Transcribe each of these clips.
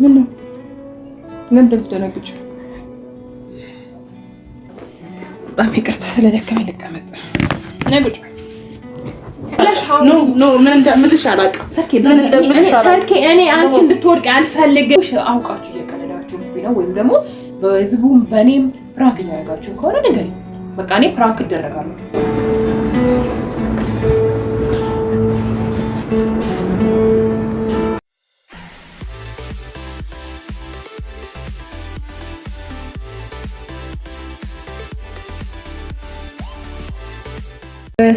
ምን ነው ምን እንደምትደነግጭው? በጣም ይቅርታ ስለደከመኝ ልቀመጥ። ነይ ሰርኬ እኔ አንቺ እንድትወድቅ አልፈልግም። አውቃችሁ እየቀለዳችሁብኝ ነው፣ ወይም ደግሞ በህዝቡም በእኔም ፕራንክ እያደረጋችሁ ከሆነ ንገሪኝ። በቃ እኔ ፕራንክ እደረጋለሁ።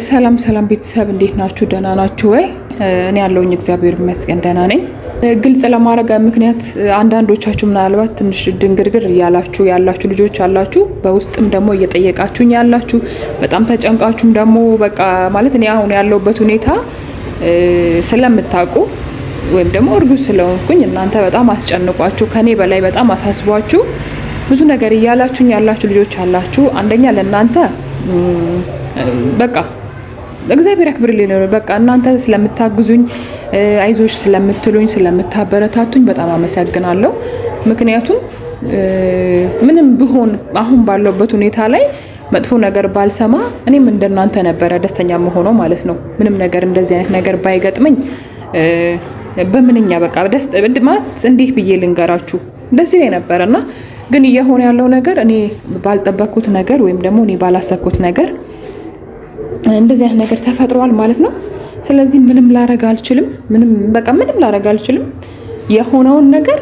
ሰላም ሰላም ቤተሰብ እንዴት ናችሁ? ደህና ናችሁ ወይ? እኔ ያለውኝ እግዚአብሔር ይመስገን ደህና ነኝ። ግልጽ ለማድረግ ምክንያት አንዳንዶቻችሁ ምናልባት ትንሽ ድንግርግር እያላችሁ ያላችሁ ልጆች አላችሁ፣ በውስጥም ደግሞ እየጠየቃችሁኝ ያላችሁ በጣም ተጨንቃችሁም ደግሞ በቃ ማለት እኔ አሁን ያለውበት ሁኔታ ስለምታውቁ ወይም ደግሞ እርጉዝ ስለሆንኩኝ እናንተ በጣም አስጨንቋችሁ ከኔ በላይ በጣም አሳስቧችሁ ብዙ ነገር እያላችሁኝ ያላችሁ ልጆች አላችሁ። አንደኛ ለእናንተ በቃ እግዚአብሔር ያክብርልኝ። በቃ እናንተ ስለምታግዙኝ፣ አይዞች ስለምትሉኝ፣ ስለምታበረታቱኝ በጣም አመሰግናለሁ። ምክንያቱም ምንም ብሆን አሁን ባለበት ሁኔታ ላይ መጥፎ ነገር ባልሰማ እኔም እንደናንተ ነበረ ደስተኛ መሆኖ ማለት ነው። ምንም ነገር እንደዚህ አይነት ነገር ባይገጥመኝ በምንኛ በቃ ደስ ማለት እንዲህ ብዬ ልንገራችሁ እንደዚህ ላይ ነበረና ግን እየሆነ ያለው ነገር እኔ ባልጠበቅኩት ነገር ወይም ደግሞ እኔ ባላሰብኩት ነገር እንደዚህ አይነት ነገር ተፈጥሯል ማለት ነው። ስለዚህ ምንም ላረግ አልችልም። ምንም በቃ ምንም ላረግ አልችልም። የሆነውን ነገር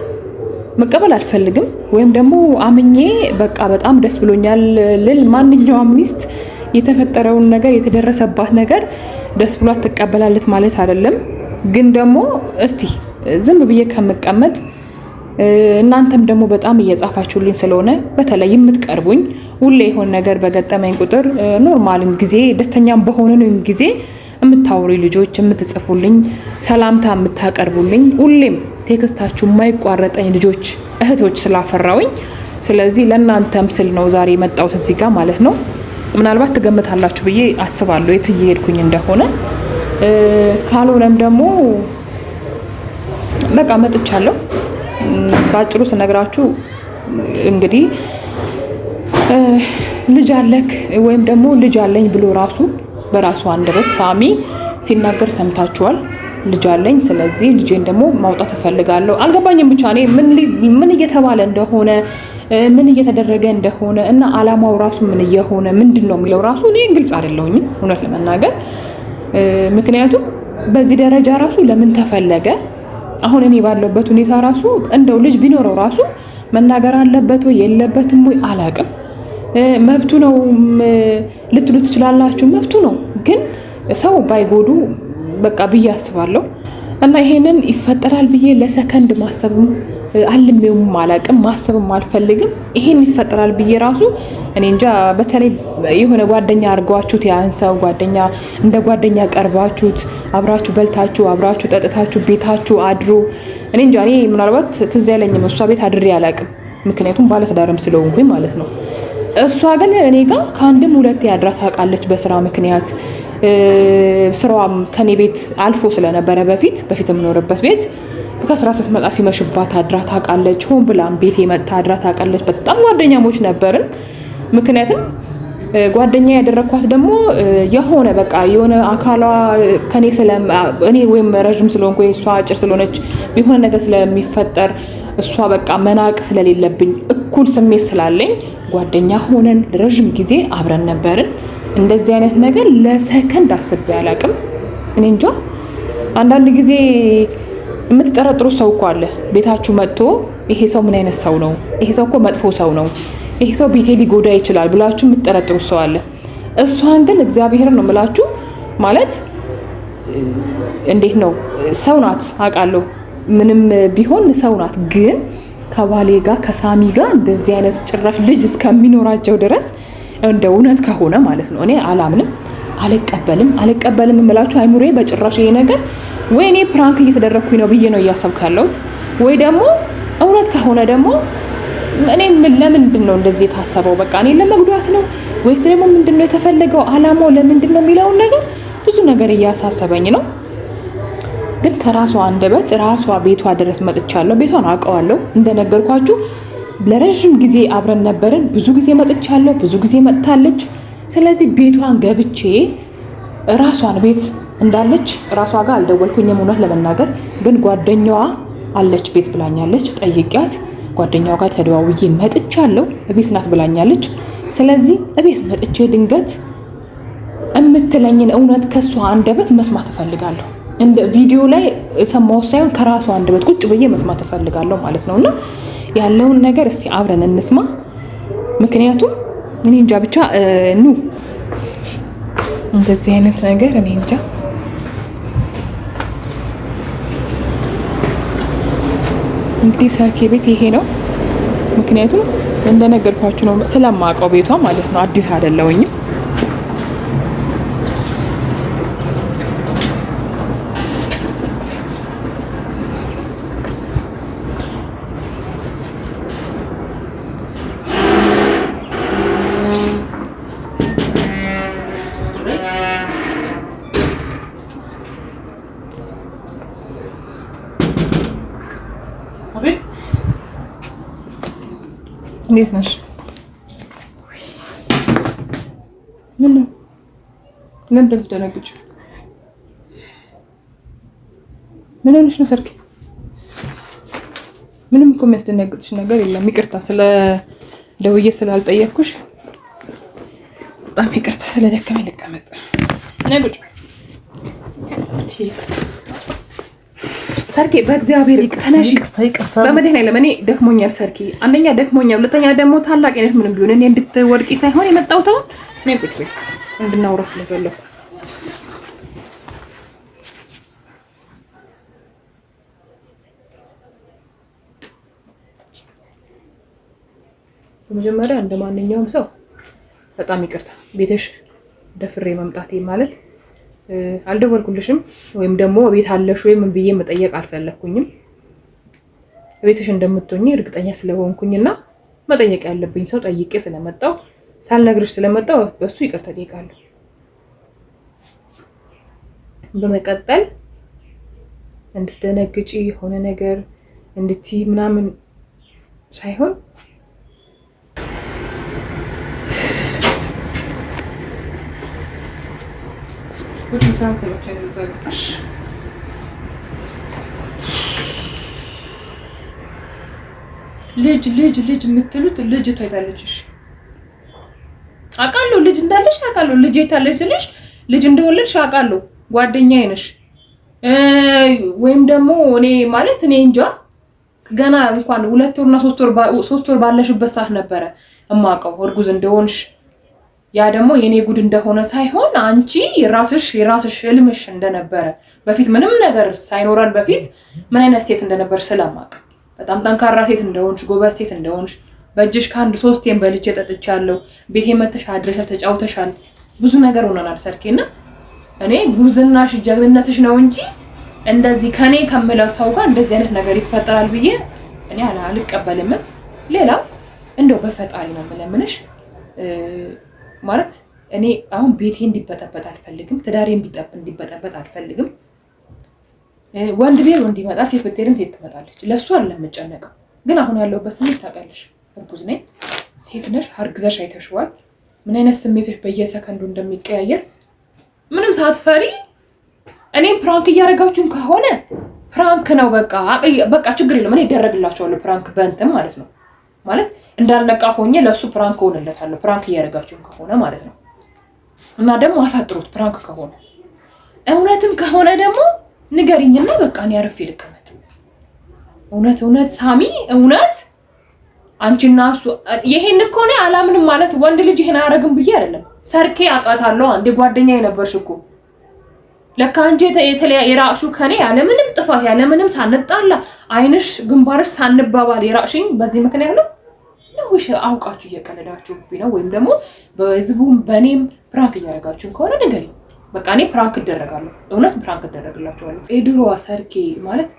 መቀበል አልፈልግም። ወይም ደግሞ አምኜ በቃ በጣም ደስ ብሎኛል ልል ማንኛውም ሚስት የተፈጠረውን ነገር የተደረሰባት ነገር ደስ ብሏት ትቀበላለች ማለት አይደለም። ግን ደግሞ እስቲ ዝም ብዬ ከምቀመጥ እናንተም ደግሞ በጣም እየጻፋችሁልኝ ስለሆነ በተለይ የምትቀርቡኝ ሁሌ የሆን ነገር በገጠመኝ ቁጥር ኖርማልን ጊዜ ደስተኛም በሆነንም ጊዜ የምታውሪ ልጆች የምትጽፉልኝ፣ ሰላምታ የምታቀርቡልኝ ሁሌም ቴክስታችሁ የማይቋረጠኝ ልጆች እህቶች ስላፈራውኝ ስለዚህ ለእናንተም ስል ነው ዛሬ የመጣሁት እዚህ ጋር ማለት ነው። ምናልባት ትገምታላችሁ ብዬ አስባለሁ የት እየሄድኩኝ እንደሆነ። ካልሆነም ደግሞ በቃ መጥቻለሁ። በአጭሩ ስነግራችሁ እንግዲህ ልጅ አለክ ወይም ደግሞ ልጅ አለኝ ብሎ ራሱ በራሱ አንደበት ሳሚ ሲናገር ሰምታችኋል። ልጅ አለኝ፣ ስለዚህ ልጄን ደግሞ ማውጣት እፈልጋለሁ። አልገባኝም ብቻ እኔ ምን እየተባለ እንደሆነ ምን እየተደረገ እንደሆነ እና አላማው ራሱ ምን እየሆነ ምንድን ነው የሚለው ራሱ እኔ ግልጽ አይደለሁኝም እውነት ለመናገር ምክንያቱም በዚህ ደረጃ ራሱ ለምን ተፈለገ አሁን እኔ ባለበት ሁኔታ ራሱ እንደው ልጅ ቢኖረው ራሱ መናገር አለበት ወይ የለበትም ወይ አላቅም። መብቱ ነው ልትሉ ትችላላችሁ። መብቱ ነው፣ ግን ሰው ባይጎዱ በቃ ብዬ አስባለሁ። እና ይሄንን ይፈጠራል ብዬ ለሰከንድ ማሰብም አልሜውም አላቅም ማሰብም አልፈልግም። ይሄን ይፈጠራል ብዬ ራሱ እኔ እንጃ። በተለይ የሆነ ጓደኛ አድርጓችሁት ያን ሰው ጓደኛ እንደ ጓደኛ ቀርባችሁት አብራችሁ በልታችሁ አብራችሁ ጠጥታችሁ ቤታችሁ አድሮ እኔ እንጃ። እኔ ምናልባት ትዝ አይለኝም እሷ ቤት አድሬ አላቅም፣ ምክንያቱም ባለትዳርም ስለሆንኩኝ ማለት ነው። እሷ ግን እኔ ጋር ከአንድም ሁለቴ አድራ ታውቃለች በስራ ምክንያት ስራዋም ከኔ ቤት አልፎ ስለነበረ በፊት በፊት የምኖርበት ቤት ከስራ ስትመጣ ሲመሽባት አድራ ታውቃለች። ሆን ብላም ቤቴ መጥታ አድራ ታውቃለች። በጣም ጓደኛሞች ነበርን። ምክንያቱም ጓደኛ ያደረግኳት ደግሞ የሆነ በቃ የሆነ አካሏ ከኔ እኔ ወይም ረዥም ስለሆንኩ እሷ አጭር ስለሆነች የሆነ ነገር ስለሚፈጠር እሷ በቃ መናቅ ስለሌለብኝ እኩል ስሜት ስላለኝ ጓደኛ ሆነን ረዥም ጊዜ አብረን ነበርን። እንደዚህ አይነት ነገር ለሰከንድ አስቤ አላቅም። እኔ እንጃ አንዳንድ ጊዜ የምትጠረጥሩ ሰው እኮ አለ። ቤታችሁ መጥቶ ይሄ ሰው ምን አይነት ሰው ነው? ይሄ ሰው እኮ መጥፎ ሰው ነው፣ ይሄ ሰው ቤቴ ሊጎዳ ይችላል ብላችሁ የምትጠረጥሩ ሰው አለ። እሷን ግን እግዚአብሔር ነው ምላችሁ ማለት እንዴት ነው ሰው ናት አውቃለሁ። ምንም ቢሆን ሰው ናት። ግን ከባሌ ጋር ከሳሚ ጋር እንደዚህ አይነት ጭራሽ ልጅ እስከሚኖራቸው ድረስ እንደ እውነት ከሆነ ማለት ነው። እኔ አላምንም፣ አልቀበልም አልቀበልም የምላችሁ አይሙሬ በጭራሽ ይሄ ነገር ወይ እኔ ፕራንክ እየተደረግኩኝ ነው ብዬ ነው እያሰብኩ ያለሁት፣ ወይ ደግሞ እውነት ከሆነ ደግሞ እኔ ለምንድን ነው እንደዚህ የታሰበው? በቃ እኔ ለመጉዳት ነው ወይስ ደግሞ ምንድን ነው የተፈለገው? አላማው ለምንድን ነው የሚለውን ነገር ብዙ ነገር እያሳሰበኝ ነው። ግን ከራሷ አንደበት ራሷ ቤቷ ድረስ መጥቻለሁ። ቤቷን አውቀዋለሁ እንደነገርኳችሁ ለረዥም ጊዜ አብረን ነበርን። ብዙ ጊዜ መጥቻለሁ፣ ብዙ ጊዜ መጥታለች። ስለዚህ ቤቷን ገብቼ ራሷን ቤት እንዳለች ራሷ ጋር አልደወልኩኝም፣ እውነት ለመናገር ግን ጓደኛዋ አለች ቤት ብላኛለች። ጠይቂያት ጓደኛዋ ጋር ተደዋውዬ መጥቻለሁ፣ እቤት ናት ብላኛለች። ስለዚህ እቤት መጥቼ ድንገት የምትለኝን እውነት ከእሷ አንደበት መስማት እፈልጋለሁ። እንደ ቪዲዮ ላይ የሰማሁት ሳይሆን ከራሷ አንደበት ቁጭ ብዬ መስማት እፈልጋለሁ ማለት ነው እና ያለውን ነገር እስቲ አብረን እንስማ። ምክንያቱም እኔ እንጃ ብቻ ኑ እንደዚህ አይነት ነገር እኔ እንጃ እንግዲህ ሰርኬ ቤት ይሄ ነው። ምክንያቱም እንደነገርኳችሁ ነው ስለማውቀው ቤቷ ማለት ነው። አዲስ አይደለሁኝም። እንዴት ነሽ? ምን ነው ምን እንደምትደነግጪው? ምን ሆነሽ ነው ሰርኪ? ምንም እኮ የሚያስደነግጥሽ ነገር የለም። ይቅርታ ስለ ደውዬ ስላልጠየቅኩሽ በጣም ይቅርታ። ስለደከመኝ ልቀመጥ ነይ ቁጭ ሰርኬ በእግዚአብሔር ተነሽ። በመድኃኒዓለም እኔ ደክሞኛል ሰርኬ፣ አንደኛ ደክሞኛል፣ ሁለተኛ ደግሞ ታላቅ አይነት ምንም ቢሆን እኔ እንድትወድቂ ሳይሆን የመጣው አሁን እኔ ቁጭ ቤት እንድናውራ ስለፈለኩ በመጀመሪያ እንደ ማንኛውም ሰው በጣም ይቅርታ ቤተሽ ደፍሬ መምጣቴ ማለት አልደወልኩልሽም ወይም ደግሞ ቤት አለሽ ወይም ብዬ መጠየቅ አልፈለግኩኝም። ቤትሽ እንደምትሆኝ እርግጠኛ ስለሆንኩኝና መጠየቅ ያለብኝ ሰው ጠይቄ ስለመጣው ሳልነግርሽ ስለመጣው በሱ ይቅርታ ጠይቃለሁ። በመቀጠል እንድትደነግጪ የሆነ ነገር እንድትይ ምናምን ሳይሆን ልጅ ልጅ ልጅ የምትሉት ልጅ እሺ አውቃለሁ ልጅ እንዳለሽ አውቃለሁ። ልጅ የታለች ስልሽ ልጅ እንደወለድሽ አውቃለሁ። ጓደኛዬ ነሽ ወይም ደግሞ እኔ ማለት እኔ እንጃ ገና እንኳን ሁለት ወርና ሶስት ወር ባለሽበት ሰዓት ነበረ እማውቀው እርጉዝ እንደሆንሽ ያ ደግሞ የኔ ጉድ እንደሆነ ሳይሆን አንቺ የራስሽ የራስሽ ህልምሽ እንደነበረ በፊት ምንም ነገር ሳይኖረን በፊት ምን አይነት ሴት እንደነበር ስለማቅ በጣም ጠንካራ ሴት እንደሆንሽ ጎበዝ ሴት እንደሆንሽ በእጅሽ ከአንድ ሶስቴን በልቼ ጠጥቻለሁ፣ ቤቴ መተሽ አድረሻል፣ ተጫውተሻል፣ ብዙ ነገር ሆነናል። ሰርኬና እኔ ጉብዝናሽ ጀግንነትሽ ነው እንጂ እንደዚህ ከኔ ከምለው ሰው ጋር እንደዚህ አይነት ነገር ይፈጠራል ብዬ እኔ አልቀበልምም። ሌላው እንደው በፈጣሪ ነው የምለምንሽ ማለት እኔ አሁን ቤቴ እንዲበጠበጥ አልፈልግም። ትዳሬ እንዲበጠበጥ አልፈልግም። ወንድ ቤል ወንድ ይመጣ፣ ሴት ብትሄድም ሴት ትመጣለች። ለእሱ አይደለም የምጨነቀው። ግን አሁን ያለሁበት ስሜት ታውቂያለሽ። እርጉዝ ነኝ፣ ሴት ነሽ፣ አርግዘሽ አይተሽዋል። ምን አይነት ስሜቶች በየሰከንዱ እንደሚቀያየር ምንም ሳትፈሪ እኔም ፕራንክ እያደረጋችሁን ከሆነ ፕራንክ ነው በቃ በቃ ችግር የለም። እኔ ይደረግላቸዋለሁ ፕራንክ በእንትን ማለት ነው ማለት እንዳልነቃ ሆኜ ለእሱ ፕራንክ እሆንለታለሁ። ፕራንክ እያደረጋችሁ ከሆነ ማለት ነው። እና ደግሞ አሳጥሩት። ፕራንክ ከሆነ እውነትም ከሆነ ደግሞ ንገሪኝና በቃ እኔ አርፌ ልቀመጥ። እውነት እውነት ሳሚ እውነት አንቺና እሱ ይሄን እኮ እኔ አላምንም። ማለት ወንድ ልጅ ይሄን አያረግም ብዬ አይደለም። ሰርኬ አውቃታለሁ። አንዴ ጓደኛ የነበርሽ እኮ ለካ አንቺ የተለያ የራቅሽው ከኔ ያለምንም ጥፋት ያለምንም ሳንጣላ አይንሽ ግንባርሽ ሳንባባል የራቅሽኝ በዚህ ምክንያት ነው። ለውሽ አውቃችሁ እየቀለዳችሁብኝ ነው ወይም ደግሞ በህዝቡም በእኔም ፕራንክ እያደረጋችሁን ከሆነ ንገሪ። በቃ እኔ ፕራንክ እደረጋለሁ፣ እውነት ፕራንክ እደረግላችኋለሁ። የድሮዋ ሰርኬ ማለት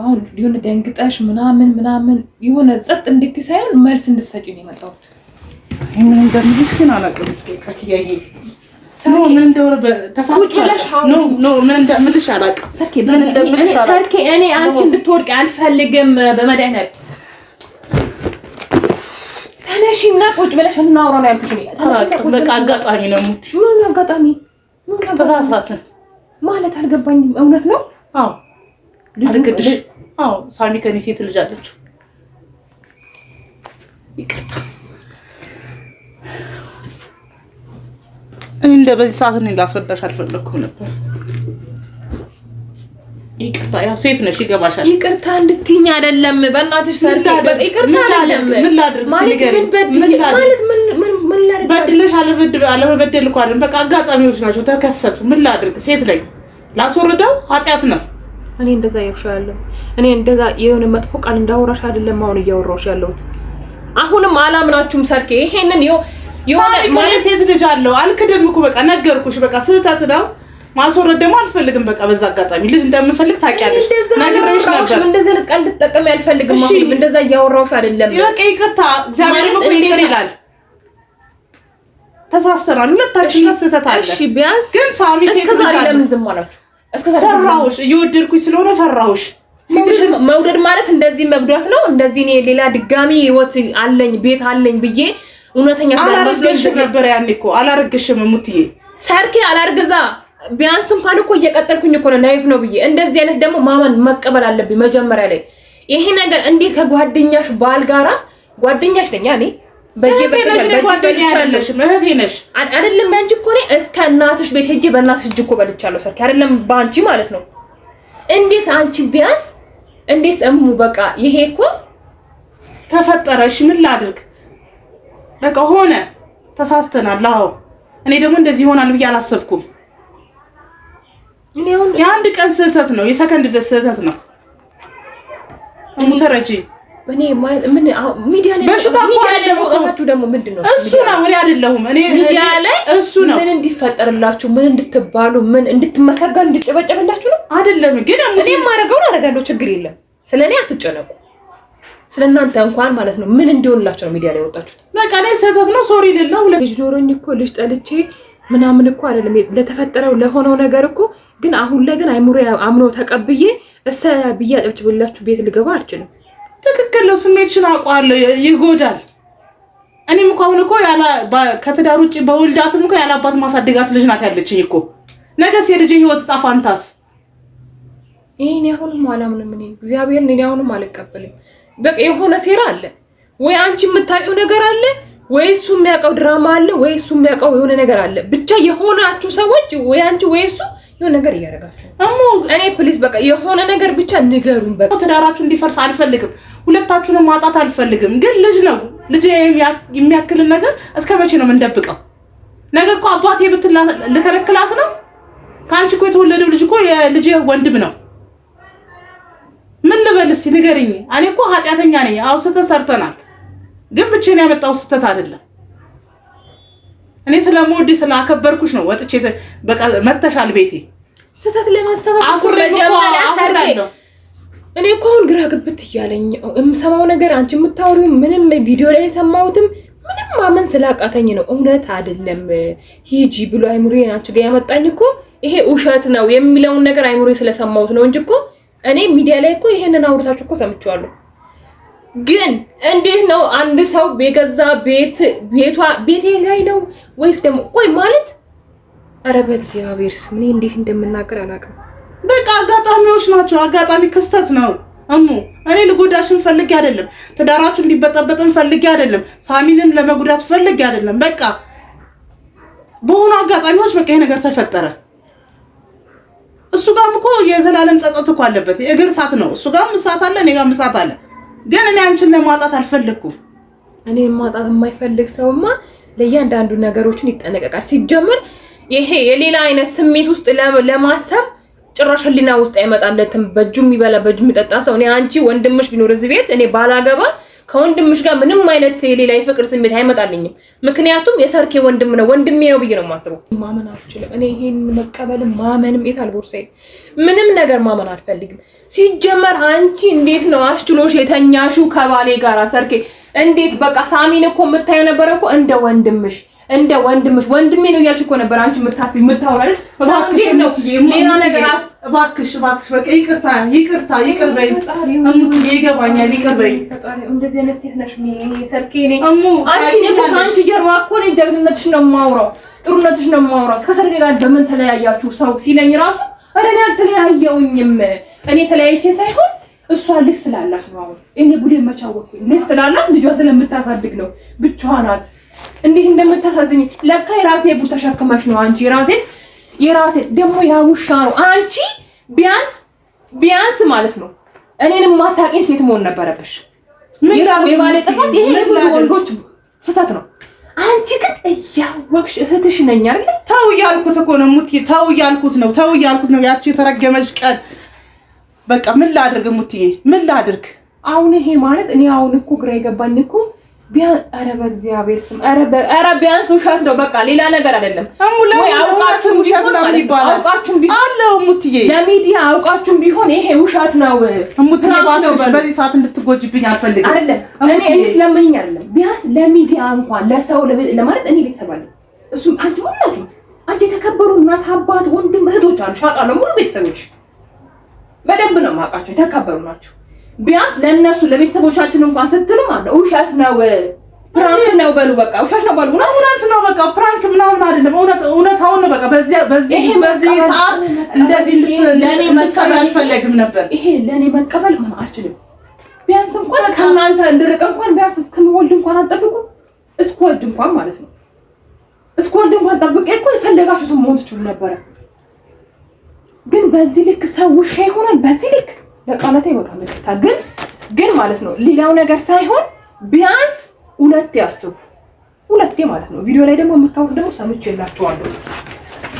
አሁን የሆነ ደንግጠሽ ምናምን ምናምን የሆነ ጸጥ እንዴት ሳይሆን መልስ እንድትሰጪ ነው የመጣሁት። ምን እንደምልሽ ግን አላውቅም ከክያዬ ሰርኬ እኔ አንቺ እንድትወድቅ አልፈልግም በመድኃኒዓለም ተነሺ እና ቁጭ ብለሽ እናውራ ነው ያልኩሽ። በቃ አጋጣሚ ነው ሙት። ምን አጋጣሚ ተሳሳትን ማለት አልገባኝም። እውነት ነው? አዎ ልግድሽ። አዎ ሳሚ ከኔ ሴት ልጅ አለችው። ይቅርታ እኔ እንደ በዚህ ሰዓት እኔ ላስረዳሽ አልፈለኩም ነበር። ይቅርታ ያው ሴት ነሽ ይገባሻል። ይቅርታ እንድትይኝ አይደለም በእናትሽ ሰርታ በቃ ይቅርታ አይደለም። ምን ላድርግ ማለት ምን በድለሽ አለመበደል እኮ አይደለም። በቃ አጋጣሚዎች ናቸው ተከሰቱ። ምን ላድርግ ሴት ነኝ። ላስወርደው ኃጢያት ነው። እኔ እንደዛ እያልኩሽ ያለው እኔ እንደዛ የሆነ መጥፎ ቃል እንዳወራሽ አይደለም አሁን እያወራሁሽ ያለሁት። አሁንም አላምናችሁም ሰርኬ ይሄንን የሆነ ሴት ልጅ አለው አልክድም እኮ በቃ ነገርኩሽ። በቃ ስህተት ነው ማስወረድ ደግሞ አልፈልግም። በቃ በዛ አጋጣሚ ልጅ እንደምፈልግ ታውቂያለሽ፣ ነግሬሽ ነበር። እንደዚህ አይነት ቃል እንድትጠቀሚ አልፈልግም። አሁን እንደዛ እያወራሁሽ አይደለም። በቃ ይቅርታ፣ እግዚአብሔር እኮ ይቅር ይላል። ተሳሰናል፣ ሁለታችን ስህተት አለ። እሺ፣ ቢያንስ ግን ሳሚ ሴት ለምን ዝም አላችሁ? ፈራሁሽ፣ እየወደድኩኝ ስለሆነ ፈራሁሽ። መውደድ ማለት እንደዚህ መጉዳት ነው። እንደዚህ እኔ ሌላ ድጋሚ ህይወት አለኝ ቤት አለኝ ብዬ እውነተኛ አላረግሽም ነበር። ያኔ እኮ አላረግሽም ሙትዬ ሰርኬ አላርግዛ ቢያንስ እንኳን እኮ እየቀጠልኩኝ እኮ ነው ላይፍ ነው ብዬ። እንደዚህ አይነት ደግሞ ማመን መቀበል አለብኝ መጀመሪያ ላይ። ይሄ ነገር እንዴት ከጓደኛሽ ባል ጋራ ጓደኛሽ ነኝ እኔ አይደለም ያንቺ እኮ እኔ እስከ እናትሽ ቤት ሄጄ በእናትሽ እጅ እኮ በልቻለሁ ሰርኪ፣ አይደለም በአንቺ ማለት ነው። እንዴት አንቺ ቢያንስ እንዴት እሙ በቃ ይሄ እኮ ተፈጠረ። ምን ላድርግ? በቃ ሆነ፣ ተሳስተናል። አዎ እኔ ደግሞ እንደዚህ ይሆናል ብዬ አላሰብኩም። የአንድ ቀን ስህተት ነው፣ የሰከንድ ደስ ስህተት ነው። ሙተረጂ በሽታ ደግሞ ምንድን ነው እሱ ነው። እኔ አይደለሁም እኔ ሚዲያ ላይ እሱ ነው። ምን እንዲፈጠርላችሁ፣ ምን እንድትባሉ፣ ምን እንድትመሰጋሉ፣ እንድጨበጨብላችሁ ነው አይደለም። ግን እኔ የማደርገውን አደርጋለሁ፣ ችግር የለም። ስለ እኔ አትጨነቁ። ስለ እናንተ እንኳን ማለት ነው ምን እንዲሆንላቸው ነው ሚዲያ ላይ የወጣችሁት። በቃ እኔ ስህተት ነው ሶሪ ልለው ልጅ ኖሮኝ እኮ ልጅ ጠልቼ ምናምን እኮ አይደለም ለተፈጠረው ለሆነው ነገር እኮ ግን አሁን ላይ ግን አይሙሬ አምኖ ተቀብዬ እሰ ብዬ አጨብጭብላችሁ ቤት ልገባ አልችልም። ትክክል ነው። ስሜትሽን አውቀዋለሁ። ይጎዳል። እኔም እኮ አሁን እኮ ከትዳር ውጭ በውልዳትም እኮ ያላባት ማሳደጋት ልጅ ናት ያለችኝ እኮ። ነገስ የልጅ ህይወት ዕጣ ፈንታስ ይህን አሁንም አላምንም። እኔ እግዚአብሔርን እኔ አሁንም አልቀበልም። በቃ የሆነ ሴራ አለ ወይ አንቺ የምታውቂው ነገር አለ ወይ እሱ የሚያውቀው ድራማ አለ፣ ወይ እሱ የሚያውቀው የሆነ ነገር አለ። ብቻ የሆናችሁ ሰዎች ወይ አንቺ ወይ እሱ የሆነ ነገር እያደረጋችሁ እኔ ፕሊስ በቃ የሆነ ነገር ብቻ ንገሩን። በቃ ትዳራችሁ እንዲፈርስ አልፈልግም፣ ሁለታችሁንም ማጣት አልፈልግም። ግን ልጅ ነው ልጅ የሚያክልን ነገር እስከ መቼ ነው የምንደብቀው? ነገ እኮ አባቴ ብትል ልከለክላት ነው። ከአንቺ እኮ የተወለደው ልጅ እኮ የልጅ ወንድም ነው። ምን ልበልስ ንገርኝ። እኔ እኮ ኃጢአተኛ ነኝ። አውስተ ሰርተናል። ግን ብቻዬን ያመጣው ስህተት አይደለም። እኔ ስለምወድሽ ስላከበርኩሽ ነው ወጥቼ በቃ መተሻል ቤቴ ስህተት ለማሰባት እኔ እኮ አሁን ግራ ግብት እያለኝ የምሰማው ነገር አንቺ የምታወሪው ምንም ቪዲዮ ላይ የሰማሁትም ምንም ማመን ስላቃተኝ ነው። እውነት አይደለም ሂጂ ብሎ አይምሮ አንቺ ጋር ያመጣኝ እኮ ይሄ ውሸት ነው የሚለውን ነገር አይምሮ ስለሰማሁት ነው እንጂ እኮ እኔ ሚዲያ ላይ እኮ ይሄንን አውርታችሁ እኮ ሰምቼዋለሁ። ግን እንዴት ነው አንድ ሰው የገዛ ቤት ቤቷ ቤቴ ላይ ነው ወይስ ደግሞ ቆይ ማለት ኧረ በእግዚአብሔር ስም እኔ እንዴት እንደምናገር አላውቅም። በቃ አጋጣሚዎች ናቸው። አጋጣሚ ክስተት ነው። እሙ እኔ ልጎዳሽን ፈልጌ አይደለም። ትዳራችሁ እንዲበጠበጥን ፈልጌ አይደለም። ሳሚንም ለመጉዳት ፈልጌ አይደለም። በቃ በሆኑ አጋጣሚዎች በቃ ይሄ ነገር ተፈጠረ። እሱ ጋርም እኮ የዘላለም ጸጸት እኮ አለበት። እግር እሳት ነው። እሱ ጋርም እሳት አለ፣ እኔ ጋርም እሳት አለ። ግን እኔ አንቺን ለማውጣት አልፈለግኩም። እኔ ማጣት የማይፈልግ ሰውማ ለእያንዳንዱ ነገሮችን ይጠነቀቃል። ሲጀምር ይሄ የሌላ አይነት ስሜት ውስጥ ለማሰብ ጭራሽ ህሊና ውስጥ አይመጣለትም። በእጁ የሚበላ በእጁ የሚጠጣ ሰው እኔ አንቺ ወንድምሽ ቢኖር እዚህ ቤት እኔ ባላገባ ከወንድምሽ ጋር ምንም አይነት የሌላ የፍቅር ስሜት አይመጣልኝም። ምክንያቱም የሰርኬ ወንድም ነው ወንድሜ ነው ብዬ ነው የማስበው። ማመን አልችልም እኔ ይሄን መቀበልም ማመንም የታል ቦርሳዬ፣ ምንም ነገር ማመን አልፈልግም። ሲጀመር አንቺ እንዴት ነው አስችሎሽ የተኛሹ ከባሌ ጋር ሰርኬ? እንዴት በቃ ሳሚን እኮ የምታየው ነበረ እኮ እንደ ወንድምሽ እንደ ወንድምሽ ወንድሜ ነው እያልሽ እኮ ነበር አንቺ የምታስቢ የምታወራለሽ። ሌላ ነገር አስ እባክሽ፣ እባክሽ በቃ ይቅርታ፣ ይቅርታ፣ ይቅር በይ እሙዬ። ይገባኛል፣ ይቅር በይ። እንደዚህ አይነት ሴት ነሽ። ሰርኬ ነኝ አንቺ እኮ ከአንቺ ጀርባ እኮ እኔ ጀግንነትሽ ነው የማውራው፣ ጥሩነትሽ ነው የማውራው። እስከ ሰርጌ ጋር በምን ተለያያችሁ ሰው ሲለኝ ራሱ ኧረ እኔ አልተለያየሁኝም። እኔ ተለያይቼ ሳይሆን እሷ ልጅ ስላላት ነው። አሁን እኔ ጉዴ መቻወኩኝ። ልጅ ስላላት ልጇ ስለምታሳድግ ነው ብቻዋን ናት። እንዴት እንደምታሳዝኝ ለካ የራሴ ቡ ተሸክመሽ ነው አንቺ። የራሴን የራሴ ደግሞ ያውሻ ነው አንቺ። ቢያንስ ቢያንስ ማለት ነው እኔንም ማታውቂኝ ሴት መሆን ነበረብሽ። የባሌ ጥፋት ይሄ ብዙ ወንዶች ስህተት ነው። አንቺ ግን እያወቅሽ እህትሽ ነኝ አይደል? ተው እያልኩት እኮ ነው ሙት፣ ተው እያልኩት ነው፣ ተው እያልኩት ነው። ያቺ የተረገመች ቀን በቃ ምን ላድርግ ሙትዬ፣ ምን ላድርግ አሁን? ይሄ ማለት እኔ አሁን እኮ ግራ የገባኝ እኮ ኧረ በእግዚአብሔር ስም ኧረ ቢያንስ ውሸት ነው። በቃ ሌላ ነገር አይደለም። አውቃችሁም ቢሆን ለሚዲያ አውቃችሁም ቢሆን ይሄ ውሸት ነው። በዚህ ሰዓት አልፈልግም። እኔ ስለምንኝ አይደለም ቢያንስ ለሚዲያ እንኳን ለሰው ለማለት እኔ ቤተሰብ አለኝ። እሱም አንቺ ሁላችሁ አንቺ የተከበሩ እናት፣ አባት፣ ወንድም፣ እህቶች አሉ ሙሉ ቤተሰቦች በደንብ ነው የማውቃቸው የተከበሩ ናቸው። ቢያንስ ለነሱ ለቤተሰቦቻችን እንኳን ስትሉ ማለት ውሸት ነው ፕራንክ ነው በሉ በቃ ውሸት ነው በሉ ነው እውነት ነው በቃ ፕራንክ ምናምን አይደለም እውነት እውነታውን ነው በቃ በዚህ በዚህ በዚህ ሰዓት እንደዚህ ልትሰራ አልፈለግም ነበር ይሄ ለኔ መቀበል ምን አልችልም ቢያንስ እንኳን ከእናንተ እንድርቅ እንኳን ቢያንስ እስከምወልድ እንኳን አጠብቁ እስክወልድ እንኳን ማለት ነው እስክወልድ እንኳን ጠብቄ እኮ የፈለጋችሁትን መሆን ትችሉ ነበረ ግን በዚህ ልክ ሰው ውሻ ይሆናል በዚህ ልክ ለቃለታ በጣም ይቅርታ ግን ግን ማለት ነው ሌላው ነገር ሳይሆን ቢያንስ ሁለቴ አስቡ። ሁለቴ ማለት ነው። ቪዲዮ ላይ ደግሞ የምታወቅ ደግሞ ሰምች የላቸዋለሁ።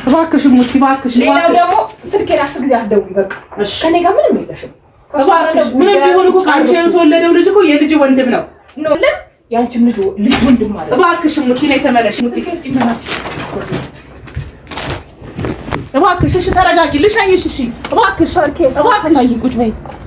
እባክሽ ሙቲ እባክሽ። ሌላው ደግሞ ስልኬን ራስ ጊዜ አትደውይ። በቃ ከኔ ጋር ምንም የለሽም እባክሽ። ምንም ቢሆን እኮ ከአንቺ የተወለደው ልጅ እኮ የልጅ ወንድም ነው። ለም የአንቺም ልጅ ልጅ ወንድም ማለት ነው። እባክሽ ሙቲ ላይ ተመለሽ ሙቲ እባክሽ፣ እሺ፣ ተረጋጊ። ልሸኝሽ። እሺ፣ እባክሽ፣ እባክሽ፣ ቁጭ በይ